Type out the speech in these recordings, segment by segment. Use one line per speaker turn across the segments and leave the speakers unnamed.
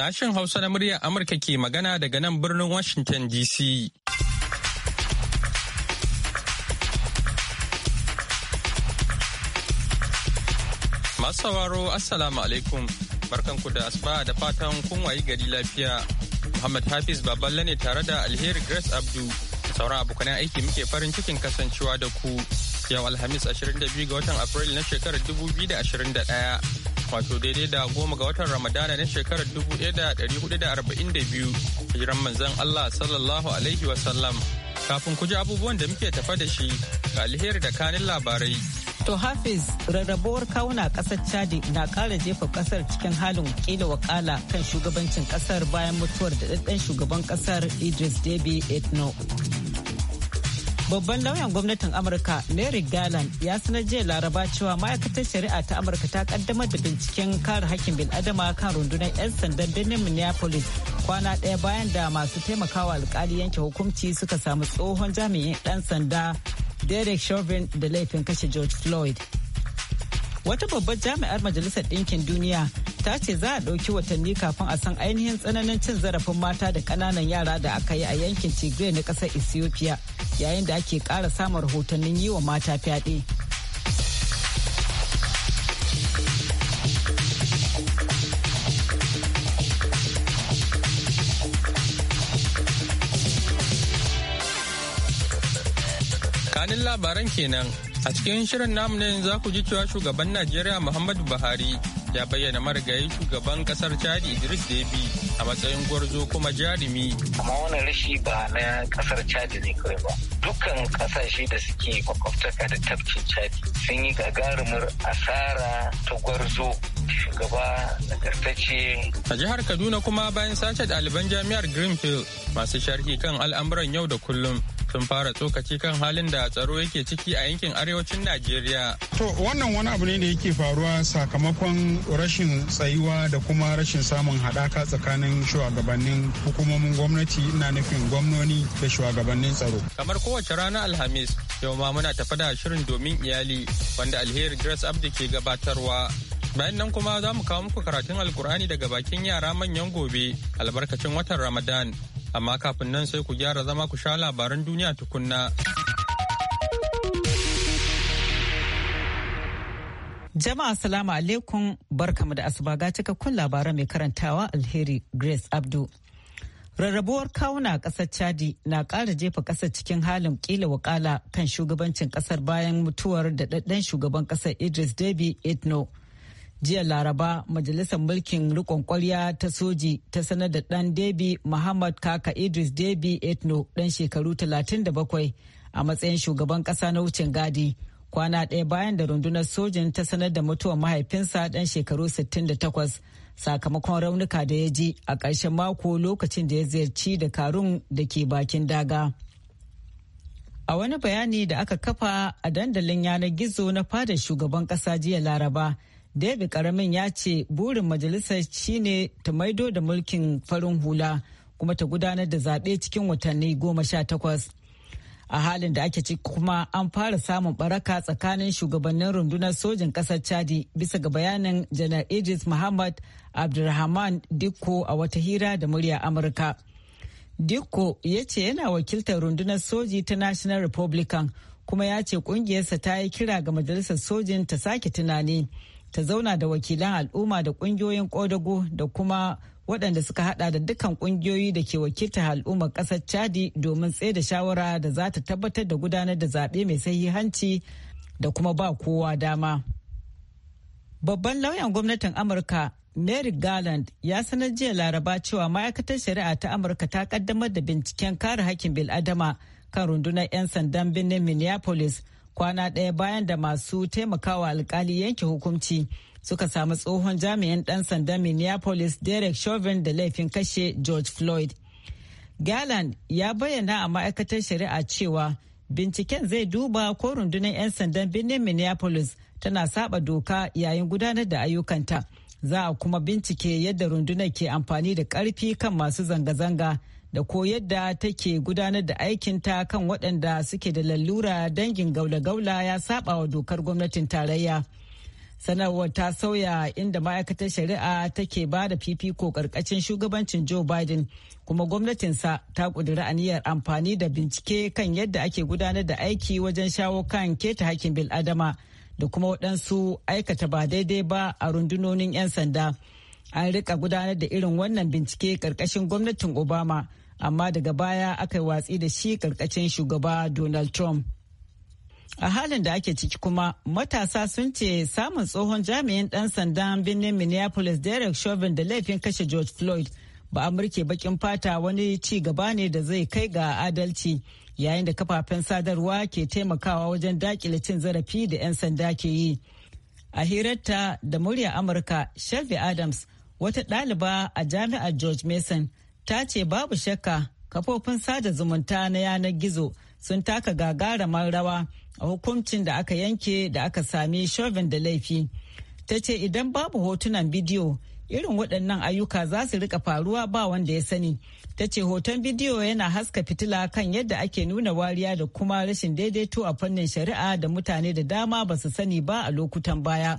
Sashen Hausa na muryar Amurka ke magana daga nan birnin Washington DC. Masu sauraro Assalamu alaikum. Barkanku da asuba da fatan kun wayi gari lafiya. Muhammad Hafiz Baballe ne tare da Alheri Grace Abdu. Sauran abokanan aiki muke farin cikin kasancewa da ku. Yau Alhamis 22 ga watan Afrilu na shekarar 2021. wato daidai da goma ga watan ramadana na shekarar biyu hijiran manzon Allah sallallahu alaihi wasallam kafin ku ji abubuwan da muke tafa da shi ga alheri da kanin labarai
To Hafiz rarrabuwar kawuna kasar Chadi na kara jefa kasar cikin halin kila wakala kan shugabancin kasar bayan mutuwar da shugaban kasar Idris Deby Etno. Babban lauyan gwamnatin Amurka, Mary Garland, ya sanar jiya laraba cewa ma'aikatar shari'a ta Amurka ta kaddamar da binciken kare hakkin adama kan rundunar 'yan sandan birnin Minneapolis kwana ɗaya bayan da masu taimakawa alkali yanke hukunci suka samu tsohon jami'in ɗan sanda Derek Chauvin da laifin kashe George Floyd. Wata babbar jami'ar Majalisar Ɗinkin Duniya ta ce za a ɗauki watanni kafin a san ainihin tsananin cin zarafin mata da ƙananan yara da aka yi a yankin Tigray na ƙasar Ethiopia yayin da ake ƙara samun rahotannin yi wa mata fyaɗe.
Kanin labaran kenan A cikin shirin namu ne za ku ji cewa shugaban Najeriya Muhammadu Buhari ya bayyana marigayi shugaban kasar Chad Idris Deby a matsayin gwarzo kuma jarumi. Amma wannan rashi ba na kasar Chad ne kawai ba. Dukkan kasashe da suke makwabtaka
da tafkin Chad sun yi gagarumar asara ta gwarzo shugaba nagartacce.
A jihar Kaduna kuma bayan sace ɗaliban jami'ar Greenfield masu sharhi kan al'amuran yau da kullum sun fara tsokaci kan halin da tsaro yake ciki a yankin arewacin Najeriya.
To wannan wani abu ne da yake faruwa sakamakon rashin tsayuwa da kuma rashin samun haɗaka tsakanin shugabannin hukumomin gwamnati ina nufin gwamnoni da shugabannin tsaro.
Kamar kowace rana Alhamis, yau ma muna tafa da shirin domin iyali wanda alheri Grace Abdi ke gabatarwa. bayan nan kuma za mu kawo muku karatun alkur'ani daga bakin yara manyan gobe albarkacin watan ramadan amma kafin nan sai ku gyara zama ku sha labaran duniya tukunna.
Jama'a salamu alaikum barkamu da asuba ga cikakkun labaran mai karantawa alheri Grace Abdu. Rarrabuwar kawuna a ƙasar Chadi na ƙara jefa ƙasar cikin halin ƙila wakala kan shugabancin ƙasar bayan mutuwar da shugaban ƙasar Idris Deby Itno. jiya laraba majalisar mulkin rikon kwarya ta soji ta sanar da dan debi muhammad kaka idris debi etno dan shekaru 37 a matsayin shugaban kasa na wucin gadi kwana ɗaya bayan da rundunar sojin ta sanar da mutuwar mahaifinsa dan shekaru 68 sakamakon raunuka da ya ji a ƙarshen mako lokacin da ya ziyarci da karun da ke bakin daga a wani bayani da aka kafa a dandalin yanar gizo na fadar shugaban ƙasa jiya laraba david karamin ya ce burin majalisar shine ta maido da mulkin farin hula kuma ta gudanar da zaɓe cikin watanni goma sha takwas a halin da ake ciki kuma an fara samun baraka tsakanin shugabannin rundunar sojin ƙasar chadi bisa ga bayanin janar idris muhammad abdulrahman dikko a wata hira da murya amurka dikko ya ce yana wakiltar rundunar soji ta national republican kuma ya ce kungiyarsa ta yi kira ga majalisar sojin ta sake tunani ta zauna da wakilan al'umma da kungiyoyin kodago da kuma waɗanda suka hada da dukkan kungiyoyi da ke wakiltar al'ummar ƙasar chadi domin tsaye da shawara da za ta tabbatar da gudanar da zaɓe mai sahihanci da kuma ba kowa dama babban lauyan gwamnatin amurka mary Garland ya sanar jiya laraba cewa ma'aikatar shari'a ta Amurka ta kaddamar da binciken kare hakkin bil'adama kan rundunar 'yan sandan birnin Minneapolis kwana ɗaya bayan da masu taimakawa alkali yanke hukunci suka samu tsohon jami'in ɗan sandan minneapolis derek chauvin da laifin kashe george floyd galland ya bayyana a ma'aikatar shari'a cewa binciken zai duba ko rundunar 'yan sandan birnin minneapolis tana saba doka yayin gudanar da ayyukanta za a kuma bincike yadda rundunar ke amfani da ƙarfi kan masu zanga-zanga da ko yadda take gudanar da aikinta kan waɗanda suke da lalura dangin gaula-gaula ya saba wa dokar gwamnatin tarayya. sanarwar ta sauya inda ma'aikatar shari'a take ba da fifiko karkashin shugabancin joe biden kuma gwamnatinsa ta kudura aniyar amfani da bincike kan yadda ake gudanar da aiki wajen shawo kan keta hakkin bil'adama da kuma waɗansu aikata ba daidai ba a rundunonin 'yan sanda an rika gudanar da irin wannan bincike karkashin gwamnatin obama amma daga baya aka yi watsi da shi karkacin shugaba Donald Trump. A halin da ake ciki kuma matasa sun ce samun tsohon jami'in ɗan sandan birnin Minneapolis Derek Chauvin da laifin kashe George Floyd ba a amurke bakin fata wani ci gaba ne da zai kai ga adalci yayin da kafafen sadarwa ke taimakawa wajen dakile cin zarafi da 'yan sanda ke yi. A hirarta da murya Amurka, Shelby Adams, wata ɗaliba a jami'ar George Mason, ta ce babu shakka kafofin sada zumunta na yanar gizo sun taka gagara rawa a hukuncin da aka yanke da aka sami shovin da laifi ta ce idan babu hotunan bidiyo irin waɗannan ayyuka za su rika faruwa ba wanda ya sani ta ce hoton bidiyo yana haska fitila kan yadda ake nuna wariya da kuma rashin daidaito a fannin shari'a da mutane da dama ba su sani ba a lokutan baya.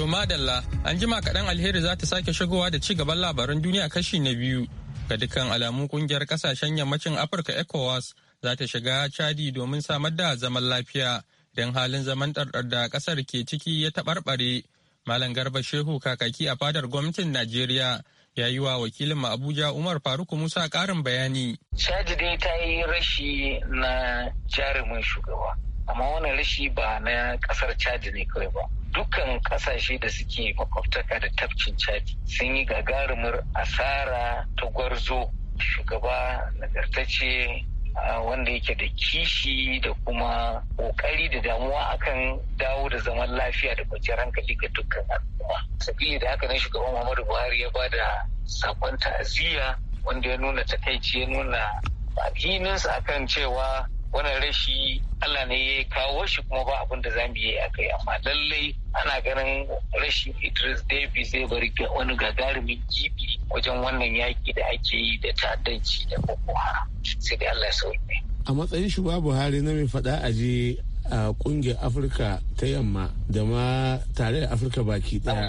To madalla an jima kaɗan alheri za ta sake shigowa da ci gaban labaran duniya kashi na biyu. Ga dukkan alamu kungiyar kasashen yammacin Afirka ECOWAS za ta shiga Chadi domin samar da zaman lafiya don halin zaman ɗarɗar da ƙasar ke ciki ya taɓarɓare. Malam Garba Shehu kakaki a fadar gwamnatin Najeriya ya yi wa wakilin Abuja Umar Faruku Musa ƙarin bayani.
Chadi dai ta yi rashi na jarumin shugaba, amma wani rashi ba na ƙasar Chadi ne kawai ba. dukkan kasashe da suke makwabtaka da tafkin chadi sun yi gagarumar asara ta gwarzo shugaba nagartacce wanda yake da kishi da kuma kokari da damuwa akan dawo da zaman lafiya da kwanciyar hankali ga dukkan al'umma sabili da haka ne shugaban muhammadu buhari ya ba da sakon ta'aziyya wanda ya nuna takaici ya nuna alhininsa akan cewa wannan rashi Allah ne ya kawo shi kuma ba abin da zamu mu yi a kai amma lallai ana ganin rashin Idris Davis zai bar wani gagarumin gibi wajen wannan
yaki da ake yi da ta'addanci da Boko Haram sai dai Allah ya sauke. A matsayin shugaba Buhari na mai faɗa a je a kungiyar Afirka ta yamma da ma tare da Afirka baki ɗaya.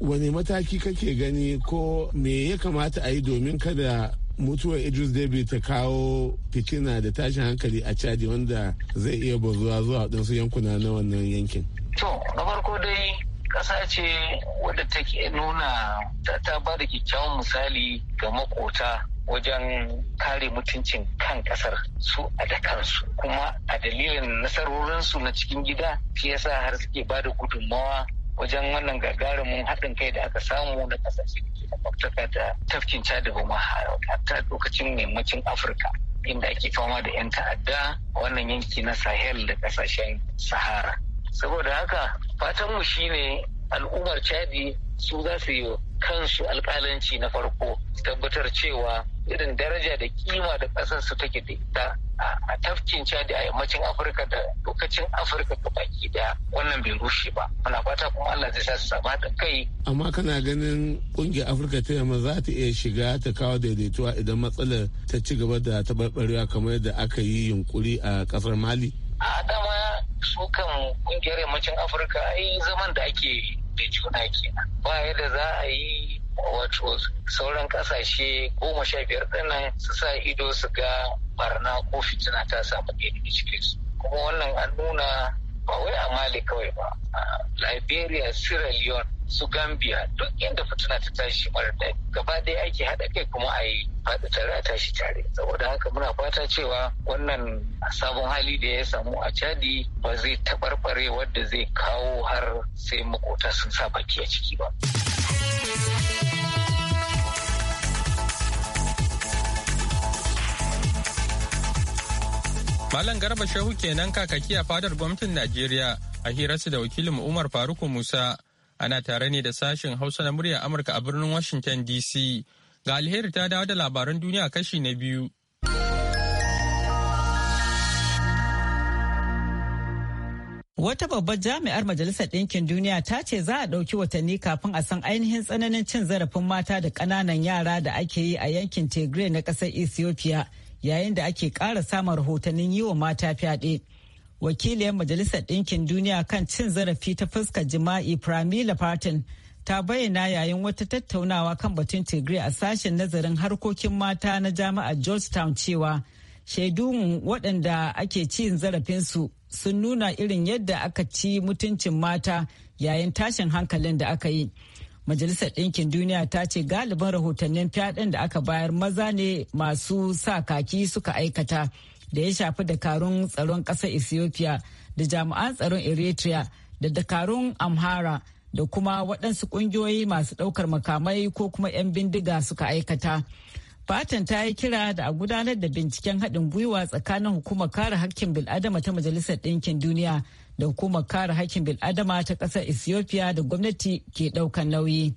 Wani mataki kake gani ko me ya kamata a yi domin kada mutuwar idris debi ta kawo fitina da tashin hankali a chadi wanda zai iya bazuwa zuwa waɗansu yankuna na wannan yankin
to na farko dai ƙasa ce wadda take nuna ta ba da kyakkyawan misali ga makota wajen kare mutuncin kan ƙasar su a da kansu kuma a dalilin nasarorinsu na cikin gida shi yasa har suke ba da gudunmawa wajen wannan gagarumin haɗin kai da aka samu na ƙasashe da ke da da tafkin da goma ta lokacin maimakon afirka inda ake fama da 'yan ta'adda wannan yanki na sahel da ƙasashen sahara saboda haka fatanmu shine al'ummar chadi su za su yi kansu alƙalanci na farko su tabbatar cewa irin daraja da kima da ƙasar su take da ita a tafkin cadi a yammacin afirka da lokacin afirka ga baki ɗaya wannan bai rushe ba muna fata kuma allah zai sa su sama da kai
amma kana ganin ƙungiyar afirka ta yamma za ta iya shiga ta kawo daidaituwa idan matsalar ta ci gaba da taɓarɓarewa kamar yadda aka yi yunkuri a ƙasar mali
a dama su kan ƙungiyar yammacin afirka ai zaman da ake da juna kenan ba yadda za a yi wato sauran kasashe goma sha biyar dana su sa ido su ga barna ko fitina ta samu ɗaya cikin su kuma wannan an nuna ba wai a mali kawai ba a liberia sierra leone su gambia duk inda fitina ta tashi mara da gaba ɗaya ake haɗa kai kuma a yi faɗi tare a tashi tare saboda haka muna fata cewa wannan sabon hali da ya samu a cadi ba zai taɓarɓare wadda zai kawo har sai makota sun
sa baki a ciki ba. Malam Garba Shehu kenan kakaki a fadar gwamnatin Najeriya a hirarsu da wakilin Umar Faruku Musa Ana tare ne da sashen Hausa na muryar Amurka a birnin Washington DC. Ga alheri ta dawo da labaran duniya kashi na biyu.
Wata babbar jami'ar Majalisar Ɗinkin Duniya ta ce za a ɗauki watanni kafin a san ainihin tsananin cin zarafin mata da ƙananan yara da ake yi a yankin Tigray na ƙasar Ethiopia yayin da ake ƙara samun rahotannin yi wa mata fyaɗe. wakiliyar majalisar ɗinkin duniya kan cin zarafi ta fuska jima'i pramila patin ta bayyana yayin wata tattaunawa kan batun tigray a sashen nazarin harkokin mata na jami'ar georgetown cewa shaidu waɗanda ake cin zarafinsu sun nuna irin yadda aka ci mutuncin mata yayin tashin hankalin da aka yi majalisar ɗinkin duniya ta ce galibin rahotannin fyaɗen da aka bayar maza ne masu sa kaki suka aikata da ya shafi dakarun tsaron ƙasar ethiopia da jami'an tsaron eritrea da dakarun amhara da kuma waɗansu ƙungiyoyi masu ɗaukar makamai ko kuma 'yan bindiga suka aikata fatan ta yi kira da a gudanar da binciken haɗin gwiwa tsakanin hukumar kare hakkin bil'adama ta majalisar ɗinkin duniya da hukumar kare hakkin bil'adama ta ƙasar ethiopia da gwamnati ke ɗaukar nauyi.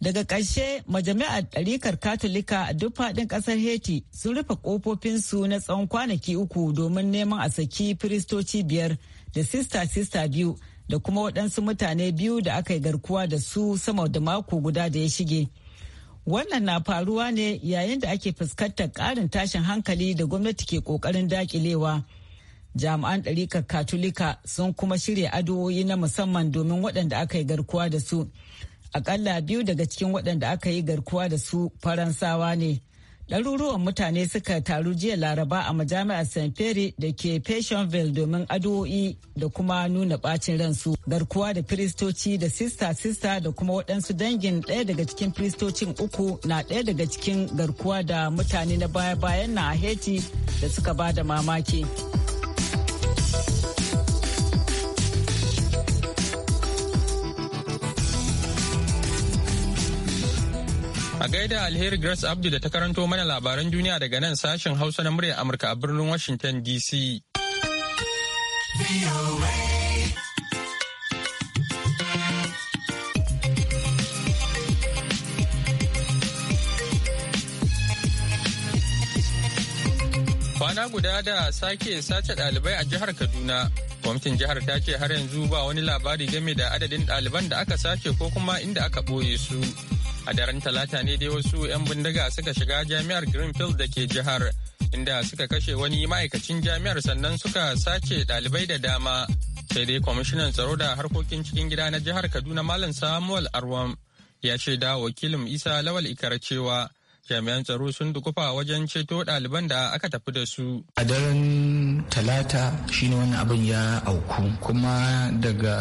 Daga ƙarshe majami'ar ɗarikar Katolika a duk faɗin ƙasar Haiti sun rufe ƙofofinsu na tsawon kwanaki uku domin neman a saki firistoci biyar da sista sista biyu da kuma waɗansu mutane biyu da aka yi garkuwa da su sama da mako guda da ya shige. Wannan na faruwa ne yayin da ake fuskantar ƙarin tashin hankali da gwamnati ke ƙoƙarin daƙilewa. Jami'an ɗarikar Katolika sun kuma shirya addu'o'i na musamman domin waɗanda aka yi garkuwa da su. Akalla biyu daga cikin waɗanda aka yi garkuwa da su Faransawa ne. Ɗaruruwan mutane suka taru jiya Laraba a majami'ar St. da ke Fashionville domin addu'o'i da kuma nuna ɓacin ransu. Garkuwa da firistoci da sista-sista da kuma waɗansu dangin ɗaya daga cikin firistocin uku na ɗaya daga cikin garkuwa da mutane na baya-bayan na a Haiti da suka ba da mamaki.
A gaida Alheri Grace Abdu da ta karanto mana labaran duniya daga nan sashen Hausa na muryar Amurka a birnin Washington DC. Kwana guda da sake sace ɗalibai a jihar Kaduna. Gwamnatin jihar ta ce har yanzu ba wani labari game da adadin ɗaliban da aka sace ko kuma inda aka ɓoye su. a daren talata ne dai wasu 'yan bindiga suka shiga jami'ar greenfield da ke jihar inda suka kashe wani ma'aikacin jami'ar sannan suka sace ɗalibai da dama sai dai kwamishinan tsaro da harkokin cikin gida na jihar kaduna malam samuel arwam ya ce da wakilin isa lawal ikar cewa jami'an tsaro sun dukufa wajen ceto ɗaliban da aka tafi da su.
A daren talata shine wani abin ya auku kuma daga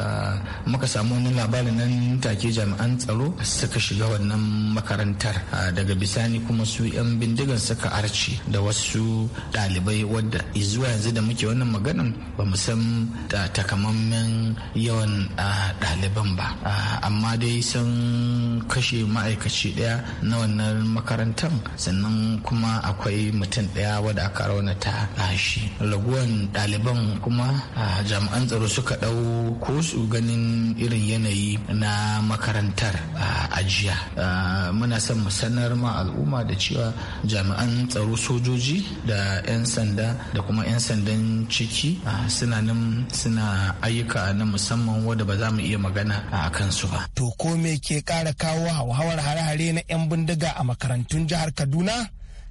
muka samu wani labarin nan take jami'an tsaro suka shiga wannan makarantar daga bisani kuma su 'yan bindigan suka arci da wasu ɗalibai wadda zuwa yanzu da muke wannan maganan ba mu san takamammen yawan ɗaliban ba amma dai sun kashe ma'aikaci ɗaya na wannan makarantar makarantar sannan kuma akwai mutum ɗaya wadda aka raunata a shi raguwan ɗaliban kuma a jami'an tsaro suka ɗau ko su ganin irin yanayi na makarantar a ajiya muna son mu sanar ma al'umma da cewa jami'an tsaro sojoji da 'yan sanda da kuma 'yan sandan ciki suna nan suna ayyuka na musamman wadda ba za mu iya magana a kansu ba
to ko me ke kara kawo hauhawar hare-hare na 'yan bindiga a makarantun jihar kaduna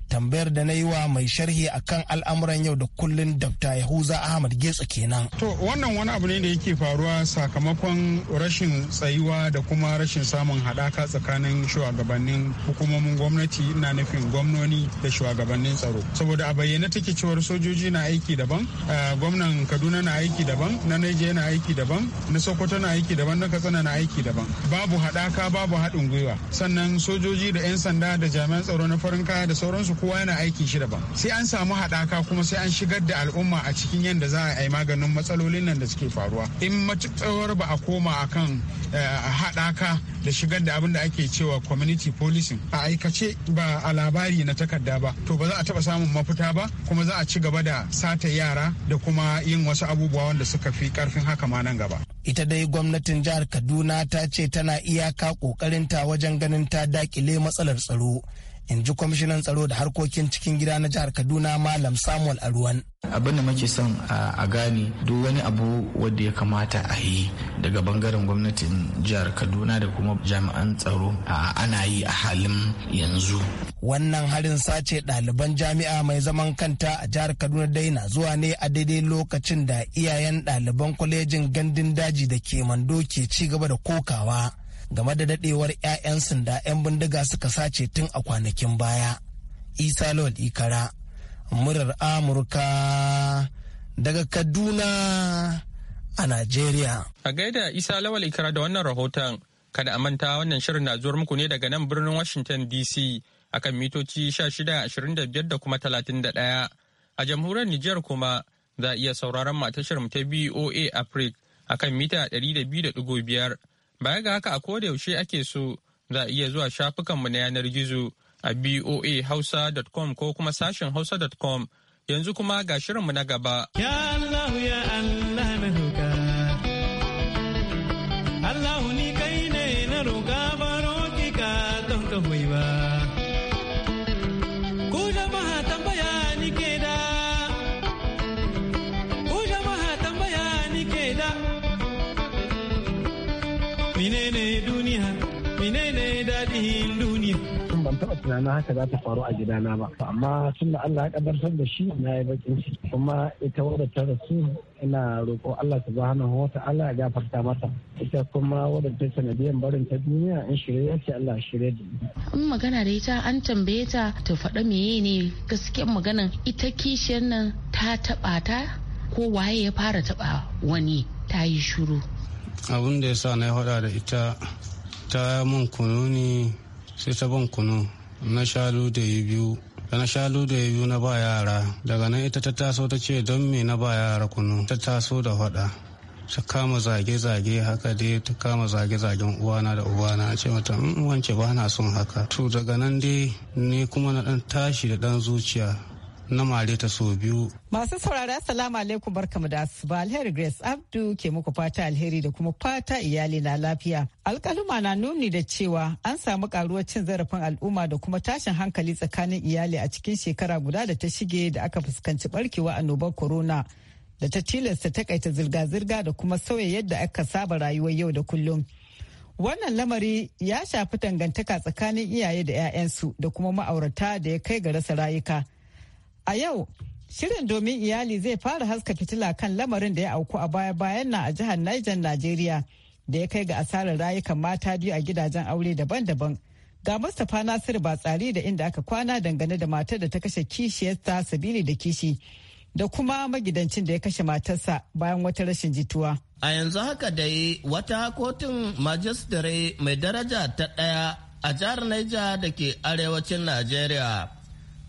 tambayar da na yi wa mai sharhi akan al'amuran yau da kullun Dr yahuza ahmad getsa kenan to wannan wani abu ne da yake faruwa sakamakon rashin tsayuwa da kuma rashin samun haɗaka tsakanin shugabannin hukumomin gwamnati na nufin gwamnoni da shugabannin tsaro saboda a bayyane take cewar sojoji na aiki daban eh, gwamnan kaduna na aiki daban na naija na aiki daban na sokoto na aiki daban na katsina na aiki daban babu haɗaka babu haɗin gwiwa sannan sojoji da 'yan sanda da jami'an tsaro na farin kaya da sauransu kowa yana aikin shi daban sai an samu haɗaka kuma sai an shigar da al'umma a cikin yadda za a yi maganin matsalolin nan da suke faruwa in matuƙar ba a koma akan eh, haɗaka da shigar da abin da ake cewa community policing a aikace ba a labari na takarda ba to ba za a taɓa samun mafita ba kuma za a ci gaba da sata yara da kuma yin wasu abubuwa wanda suka fi ƙarfin haka ma nan gaba ita dai gwamnatin jihar kaduna ta ce tana iyaka kokarin ta wajen ganin ta dakile matsalar tsaro in ji
kwamishinan tsaro da harkokin cikin gida na jihar kaduna malam samuel aruwan abin da muke son
a gane duk wani abu wadda ya kamata a yi daga bangaren gwamnatin jihar kaduna da kuma jami'an tsaro ana yi a halin yanzu
wannan harin sace ɗaliban jami'a mai zaman kanta a jihar kaduna dai na zuwa ne a daidai lokacin da iyayen ɗaliban kwalejin gandun daji da ke mando ke ci gaba da kokawa game da dadewar 'ya'yan sanda 'yan bindiga suka sace tun a kwanakin baya isa lawal ikara murar amurka daga kaduna a Najeriya.
A gaida Isa Lawal ikara da wannan rahoton, kada a manta wannan shirin na zuwar muku ne daga nan birnin Washington DC akan mitoci 1625 da kuma 31. A jamhuriyar Nijar kuma za a iya sauraron mu ta BOA Africa akan mita 200.5 Baya ga haka a yaushe ake so za a iya zuwa shafukanmu na yanar gizo a boahausa.com ko kuma sashen hausa.com yanzu kuma ga shirinmu na gaba.
na haka za ta faru a gidana ba amma tun da Allah ya kadartar da shi na yi bakin ciki kuma ita wadda ta rasu ina roƙo Allah ta subhanahu wa allah ya gafarta mata ita kuma wadda ta sanadiyan barin ta duniya in shirye ce Allah shirye da
in magana da ita an tambaye ta ta faɗa meye ne gaskiyar maganan ita kishiyar nan ta taɓa ta ko waye ya fara taɓa wani ta yi shuru
abin da ya sa na ya faɗa da ita ta mun kunu ne sai ta ban kunu na da yi biyu da na da yi biyu na ba yara daga nan ita ta taso ta ce don me na ba yara kunu ta taso da faɗa ta kama zage-zage haka dai ta kama zage-zagen uwana da ubana ce mata mm, wance ba na son haka to daga nan dai ne kuma na ɗan tashi da ɗan zuciya na mare ta so biyu.
Masu saurara salamu alaikum barkamu da asuba alheri Grace Abdu ke muku fata alheri da kuma fata iyali na lafiya. Alkaluma na nuni da cewa an samu karuwar cin zarafin al'umma da kuma tashin hankali tsakanin iyali a cikin shekara guda da ta shige da aka fuskanci barkewa annobar corona da ta tilasta takaita zirga-zirga da kuma sauya yadda aka saba rayuwar yau da kullum. Wannan lamari ya shafi dangantaka tsakanin iyaye da 'ya'yansu da kuma ma'aurata da ya kai ga rasa rayuka. A yau, shirin domin iyali zai fara haska fitila kan lamarin da ya auku a baya-bayan na a jihar Niger Najeriya da ya kai ga asarar rayukan mata biyu a gidajen aure daban-daban. Ga Mustapha Nasiru ba tsari da inda aka kwana dangane da matar da ta kashe kishiyarsa Sabili da kishi da kuma magidancin da ya kashe matarsa bayan wata rashin jituwa.
A yanzu haka dai wata kotun majistare mai daraja ta ɗaya a jihar Niger da ke arewacin Najeriya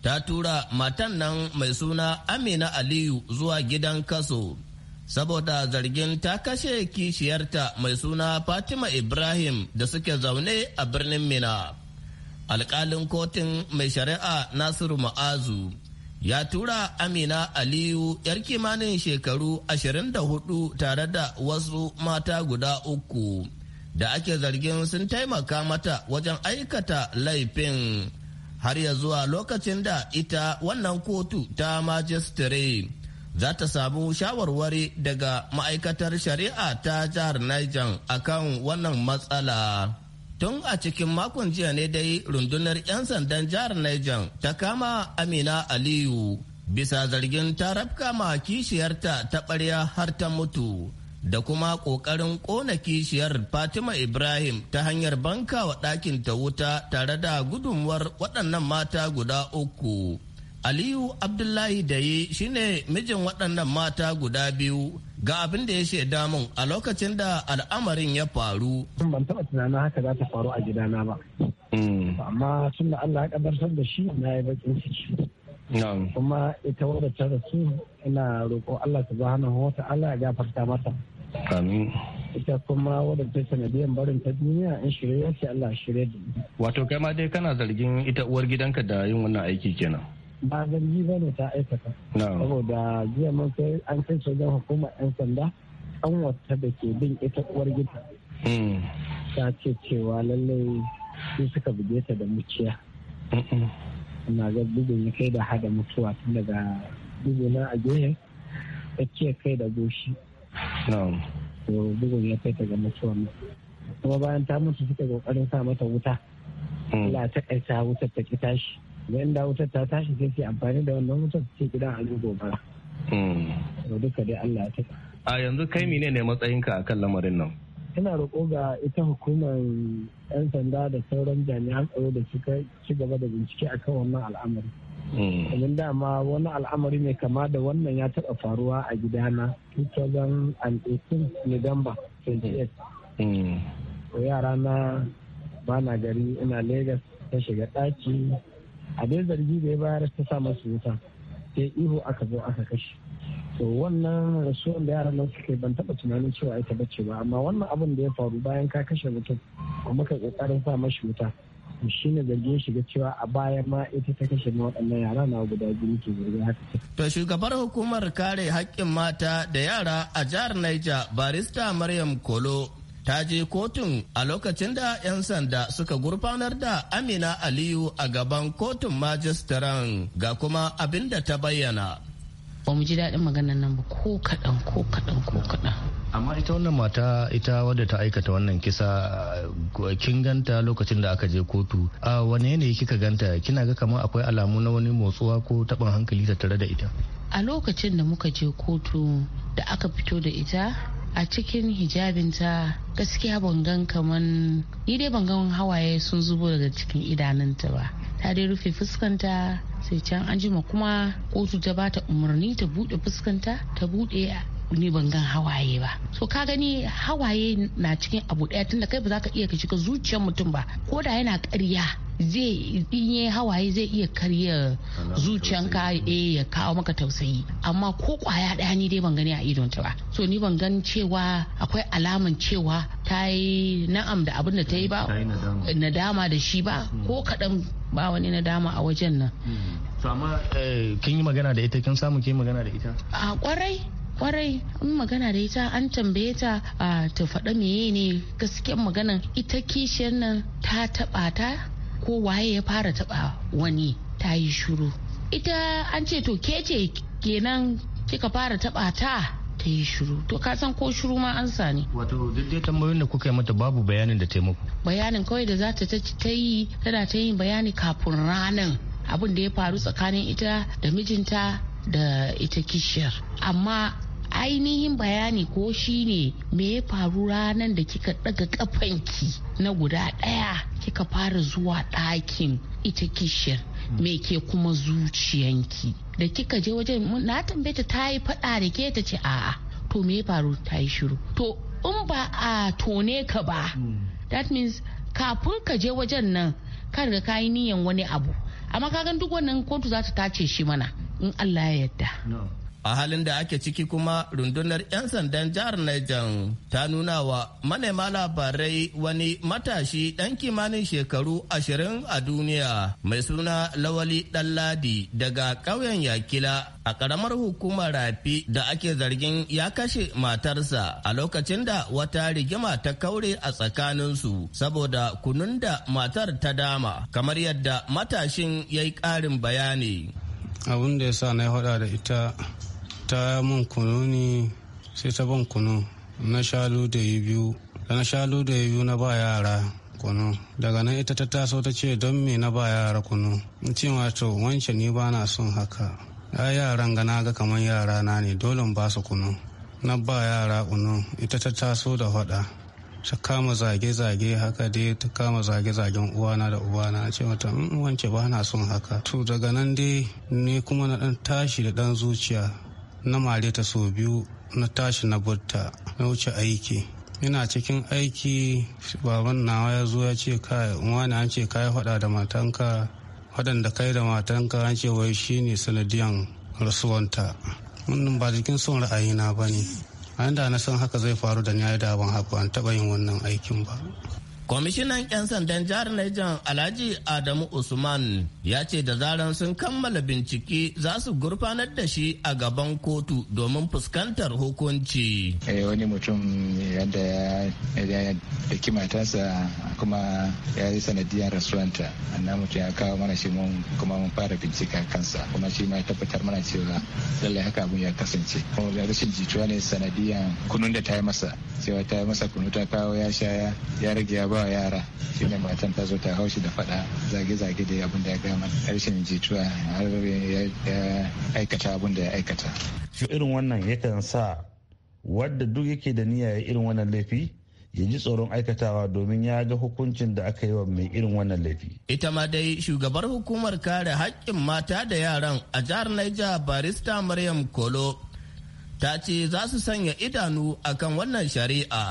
ta tura matan nan mai suna Amina Aliyu zuwa gidan kaso saboda zargin ta kashe kishiyarta mai suna Fatima Ibrahim da suke zaune a birnin Mina. alkalin kotun mai shari'a Nasiru Ma'azu ya tura Amina Aliyu yar kimanin shekaru 24 tare da wasu mata guda uku da ake zargin sun taimaka mata wajen aikata laifin. har ya zuwa lokacin da ita wannan kotu ta majistare za ta samu shawarwari daga ma'aikatar shari'a ta jihar Niger akan wannan matsala. Tun a cikin makon jiya ne dai rundunar 'yan sandan jihar Niger ta kama Amina Aliyu bisa zargin ta rafka ma kishiyarta ta ɓarya har ta mutu. da kuma ƙoƙarin ƙona kishiyar Fatima Ibrahim ta hanyar banka wa ɗakin ta wuta tare da gudunmuwar waɗannan mata guda uku. Aliyu Abdullahi Daye shine mijin waɗannan mata guda biyu ga abin da ya shaida mun a lokacin da al'amarin ya faru.
Ban taɓa tunanin haka za ta faru a gidana ba. Hmm. Amma tun Allah ya ƙadartar da shi na yi baƙin ciki. kuma ita wadda ta rasu ina roƙo Allah ta subhanahu wata allah ya gafarta mata amin ita kuma wadda ta sanadiyan barin ta duniya in shirye ce Allah shirye da
wato kai ma dai kana zargin ita uwar gidanka da yin wannan aiki kenan
ba zargi ba ne ta aikata saboda jiya mun kai an kai sojan hukumar yan sanda an wata da ke bin ita uwar gida mm. ta ce cewa lallai su suka buge ta da muciya amma ga bugun ya kai da hada mutuwa tun daga buguna a gehen ce kai da goshi
to
bugun ya kai daga mutuwa mutuwa kuma bayan ta mutu suka kokarin sa mata wuta hmm. Allah ta kaita wutar ta ki tashi idan da wutar ta tashi sai sai amfani da wannan wutar ce gidan a gobara hmm. to duka dai Allah ya taka
a yanzu kai mine ne matsayinka akan lamarin nan
ina roƙo ga ita hukumar 'yan sanda da sauran jami'an tsaro da suka ci gaba da bincike akan wannan al'amari. Hmm. domin dama wani al'amari mai kama da wannan ya taɓa faruwa a gidana 2018 November 28. yara na ba na gari ina Legas ta shiga ɗaki a dai zargi da ya bayar ta sa masu wuta sai ihu aka zo aka kashe. to wannan rasuwan da yara nan suka ban taba tunanin cewa ita bace ba amma wannan abin da ya faru bayan ka kashe mutum kuma ka kokarin sa mashi wuta shi ne zargin shiga cewa a baya ma ita ta kashe ma waɗannan yara na guda biyu ke zargin haka.
To shugabar hukumar kare haƙƙin mata da yara a jihar Niger barista Maryam Kolo ta je kotun a lokacin da 'yan sanda suka gurfanar da Amina Aliyu a gaban kotun majistaran ga kuma abin da ta bayyana.
ba mu ji daɗin magana nan ba ko kaɗan ko kaɗan ko
kaɗan amma ita wannan mata ita wadda ta aikata wannan kisa eh, kin ganta lokacin da aka je kotu a wane ne kika ganta kina ga kamar akwai alamu na wani motsuwa ko taɓin hankali tare da ita
a lokacin da muka je kotu da aka fito da ita a cikin hijabinta gaskiya ban gan kaman ni dai ban gan hawaye sun zubo daga cikin idanunta ba ta dai rufe fuskanta sai can an kuma kotu ta bata umarni ta bude fuskanta ta bude ni ban gan hawaye ba so ka gani hawaye na cikin abu daya tunda kai ba za ka iya ka shiga zuciyar mutum ba ko da yana ƙarya zai inye hawaye zai iya karya zuciyanka eh ya kawo maka tausayi amma ko kwaya daya ni dai ban gani a idon ta ba so ni ban gan cewa akwai alaman cewa ta yi na'am da abin da ta yi ba nadama da shi ba hmm. ko kaɗan ba wani nadama a wajen nan
hmm. to amma eh, kin yi magana da ita kin samu kin magana da ita
a kwarai kwarai in magana da ita an tambaye ta ta faɗa meye ne gaskiyar magana ita kishiyar nan ta taɓa ta ko waye ya fara taɓa wani ta yi shuru ita an ce to ke ce kenan kika fara taɓa ta ta yi shuru to ka san ko shuru ma an sani
wato dai tambayoyin da kuka yi mata babu bayanin
da taimako bayanin kawai da za ta ta yi tana ta yin bayani kafin ranar abin da ya faru tsakanin ita da mijinta da ita kishiyar amma ainihin bayani ko shine me ya faru ranar da kika daga kafanki na guda ɗaya kika fara zuwa ɗakin ita kishir me ke kuma zuciyanki da kika je wajen na tambaye ta yi faɗa da ke ta ce a'a to me ya faru ta yi shiru to in ba a tone ka ba hmm. that means kafin ka je wajen nan kan riga ka niyan wani abu amma kagan duk wannan kotu za ta tace shi mana in Allah ya yarda
a halin da ake ciki kuma rundunar 'yan sandan jihar Niger ta nuna wa manema labarai wani matashi ɗan kimanin shekaru ashirin a duniya mai suna lawali ɗanladi daga ƙauyen yakila a ƙaramar hukumar rafi da ake zargin ya kashe matarsa a lokacin da wata rigima ta kaure a tsakaninsu saboda kunun da matar ta dama kamar yadda matashin ya yi
ƙarin bayani abin da ya sa na ya hada da ita ta mun kunu ne sai ta ban kunu na shalu da yi biyu da na shalu da yi biyu na ba yara kunu daga nan ita ta taso ta ce don me na ba yara kunu in ce wato wancan ni ba na son haka ya yaran ga na ga kamar yara na ne dole ba su kunu na ba yara kunu ita ta taso da hada ta kama zage-zage haka dai ta kama zage-zagen uwana da ubana ce mata mm, wance ba na son haka to daga nan dai ne kuma na dan tashi da dan zuciya na mareta sau biyu na tashi na butta na wuce aiki ina cikin aiki baban nawa ya zo ya ce kai ne an ce kai faɗa da matanka waɗanda kai da matanka an ce wai shi ne sanadiyan rasuwanta wannan ba jikin son ra'ayina ba ne a yanda na san haka zai faru da ni da ban haka an taɓa yin wannan aikin ba
Kwamishinan 'yan sandan jihar Niger Alhaji Adamu Usman ya ce da zaran sun kammala bincike za su gurfanar da shi a gaban kotu domin fuskantar hukunci. Eh, wani mutum yadda ya daki
matarsa kuma ya yi sanadiyar rasuwanta annan mutum ya kawo mana shi mun kuma mun fara bincika kansa kuma shi ma tabbatar mana cewa lallai haka abun ya kasance kuma rashin jituwa ne sanadiyar kunun da ta yi masa cewa ta yi masa kunu ta kawo ya sha ya rage ya ba wa yara ne matan ta zo ta haushi da fada zage-zage da abin da ya gama harshen
jituwa har ya aikata abin da ya aikata
shi irin wannan yakan sa wadda duk yake da niyya ya irin wannan laifi ya ji tsoron aikatawa domin ya ga hukuncin da aka yi wa mai irin wannan laifi.
Ita ma dai shugabar hukumar kare haƙƙin mata da yaran a jihar Niger barista Maryam Kolo ta ce za su sanya idanu akan wannan shari'a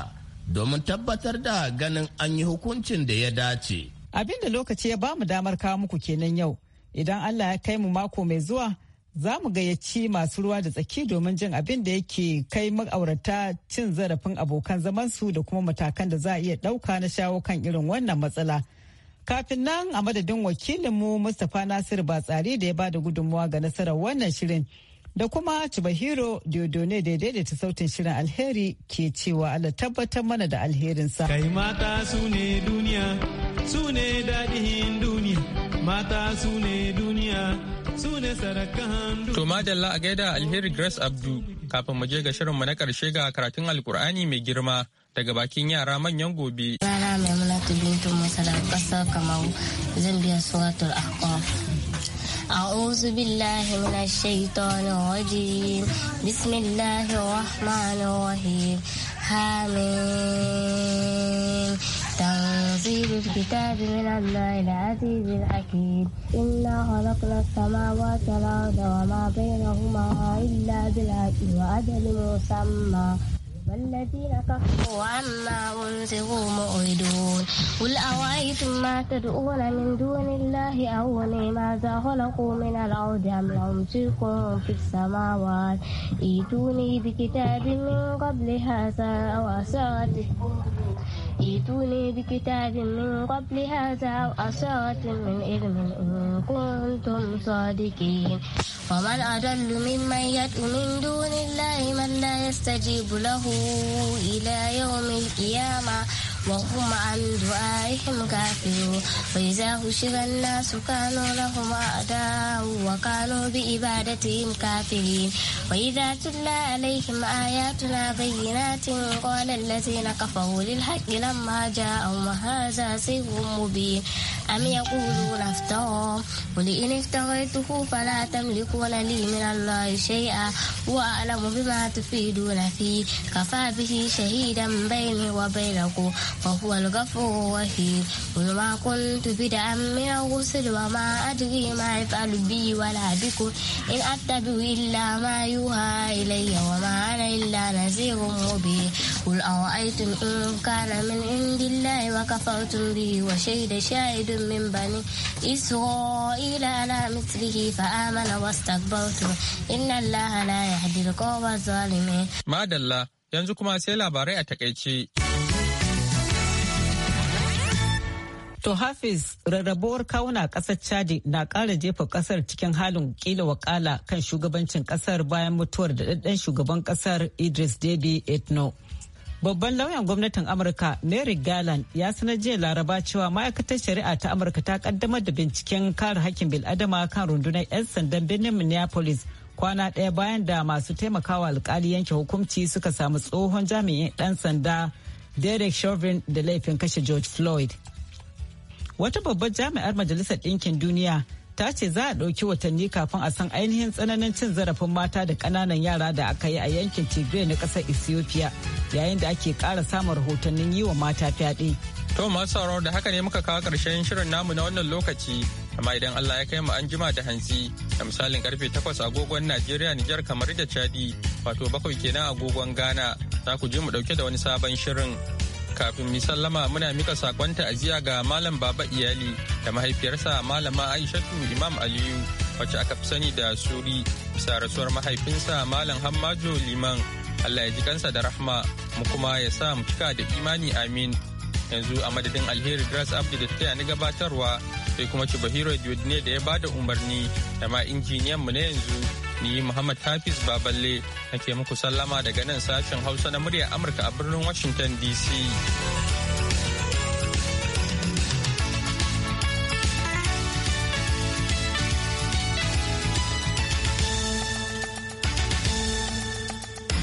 domin tabbatar da ganin an yi hukuncin da ya dace.
Abin da lokaci ya ba mu damar kawo muku kenan yau, idan Allah ya kai mu mako mai zuwa za mu gayyaci masu ruwa da tsaki domin jin abin da yake kai ma'aurata cin zarafin abokan zamansu da kuma matakan da za a iya ɗauka na shawo kan irin wannan matsala. Kafin nan a madadin wakilinmu Mustapha Nasiru Batsari da ya ba da gudunmawa ga nasarar wannan shirin. da kuma Chibahiro Diodone da daidaita sautin shirin alheri ke cewa Allah tabbatar mana da alherinsa. Kai mata
su ne duniya, su ne daɗin duniya, mata su ne duniya, su ne sarakan duniya. To
madalla a gaida alheri Grace Abdu, kafin mu je ga shirinmu na karshe ga karatun Alkur'ani mai girma. daga bakin yara manyan gobe.
Rana mai mulatu bintu da ƙasar kamar zan biya suratul Ahqaf. أعوذ بالله من الشيطان الرجيم بسم الله الرحمن الرحيم حامين تنزيل الكتاب من الله العزيز الحكيم إنا خلقنا السماوات والأرض وما بينهما إلا بالحق وأجل مسمى والذين كفروا عما أنذروا معرضون قل أرأيتم ما تدعون من دون الله أروني ماذا خلقوا من الأرض أم لهم شرك في السماوات ائتوني بكتاب من قبل هذا أو أسرة جئتوني بكتاب من قبل هذا أو اصوات من علم إن كنتم صادقين ومن أضل ممن يدعو من دون الله من لا يستجيب له إلى يوم القيامة وهم عن دعائهم غافلون وإذا حشر الناس كانوا لهم أعداء وكانوا بإبادتهم كافرين وإذا تتلى عليهم آياتنا بينات قال الذين كفروا للحق لما جاءهم هذا سر مبين أم يقولون افتراه قل إن افتريته فلا تملكون لي من الله شيئا هو أعلم بما تفيدون فيه كفى به شهيدا بيني وبينكم وهو الغفور الرحيم قل ما كنت بدعا من الرسل وما أدري ما يفعل بي ولا بكم إن أتبع إلا ما يوحى إلي وما أنا إلا نذير مبين قل أرأيتم إن كان من عند الله وكفرتم به وشهد شاهد من بني إسرائيل على مثله فآمن واستكبرتم إن الله لا يهدي القوم الظالمين
ما دلّا yanzu kuma sai labarai a takaice.
To Hafiz rarrabuwar kawuna ƙasar Chadi na ƙara jefa ƙasar cikin halin kila wakala kan shugabancin ƙasar bayan mutuwar da shugaban ƙasar Idris Deby Etno. Babban lauyan gwamnatin Amurka Mary Garland ya sanar jiya laraba cewa ma'aikatar shari'a ta Amurka ta kaddamar da binciken kare hakkin bil'adama kan rundunar 'yan sandan birnin Minneapolis kwana ɗaya bayan da masu taimakawa alkali yanke hukunci suka samu tsohon jami'in ɗan sanda Derek Chauvin da laifin kashe George Floyd. Wata babbar jami'ar Majalisar Ɗinkin Duniya ta ce za a ɗauki watanni kafin a san ainihin tsananin cin zarafin mata da ƙananan yara da aka yi a yankin Tigray na ƙasar Ethiopia yayin da ake ƙara samun rahotannin yi wa mata fyaɗe.
To masu sauraro da haka ne muka kawo ƙarshen shirin namu na wannan lokaci amma idan Allah ya kai mu an jima da hantsi da misalin karfe 8 agogon Najeriya niger kamar da Chadi wato bakwai kenan agogon Ghana za ku je mu ɗauke da wani sabon shirin kafin mi sallama muna mika sakon ta'aziyya ga Malam Baba Iyali da mahaifiyarsa Malama Aishatu Imam Aliyu wacce aka fi sani da Suri bisa rasuwar mahaifinsa Malam Hammajo Liman. Allah ya ji kansa da rahma mu kuma ya sa mu cika da imani amin. Yanzu a madadin alheri Grace Abdi da ta ni gabatarwa sai kuma Chibahiro ne da ya bada umarni da ma injiniyan mu na yanzu. Ni Muhammad Hafiz Baballe nake muku sallama daga nan sashen Hausa na muryar Amurka a birnin Washington DC.